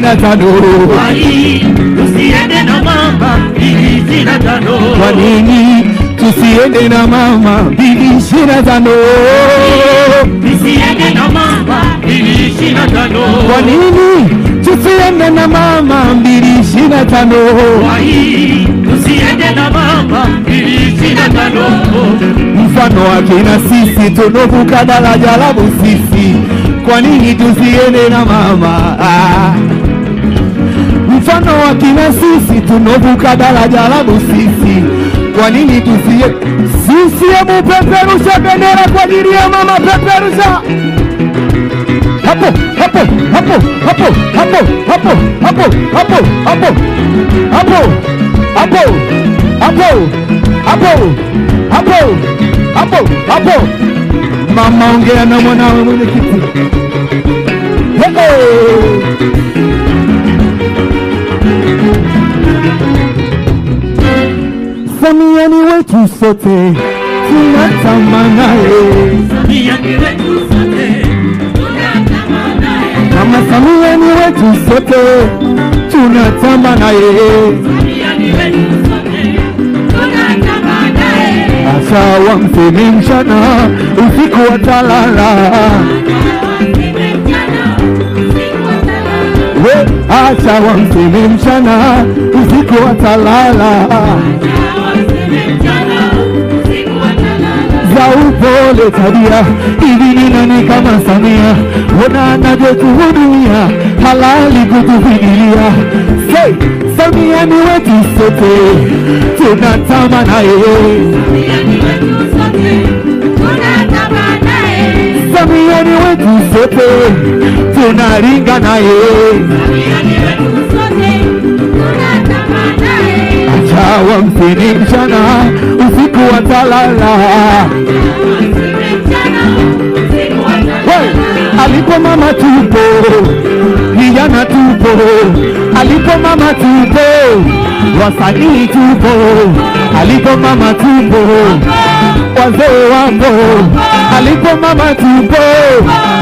na tano tusiende na mama tano kwa nini tusiende na mama mbili ishirini na tano na kwa nini tusiende na mama tusiende na mama mbili ishirini na tano mfano wake na sisi tunovuka daraja la Busisi kwa nini tusiende na mama ah mfano wa kina sisi tunovuka daraja la Busisi. Kwa nini tusiye sisiemu? Peperusha bendera kwa ajili ya mama, peperusha hapo hapo hapo hapo hapo hapo hapo hapo hapo hapo hapo hapo hapo hapo hapo hapo. Mama, ongea na mwanawe mwenyekiti. Samia ni wetu sote, tunatamanaye. Mama Samia ni wetu sote, tunatamanaye. Acha wamseme mchana, usiku watalala hata wamteme mchana usiku watalala, za upole tabia, hivi ni nani kama Samia? Ona anavyotuhudumia, halali kutufikiria. Say, Samia ni wetu sote, tunatamani yeye tunaringa naye, acha wamsini mchana usiku watalala. Alipo mama tupo, vijana tupo, alipo mama tupo, wasanii tupo alipo alipomama tumbo wazee wapo, mama tumbo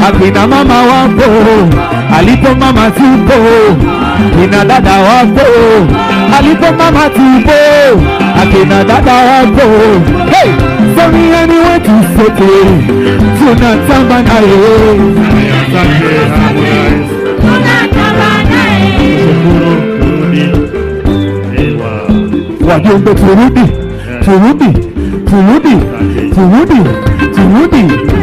akina mama wapo, mama tumbo kina dada wapo, mama tumbo akina dada wapo. Hey! Samiani wetu sote tunatamba naye wajumbe Purudi, purudi, purudi, purudi, purudi.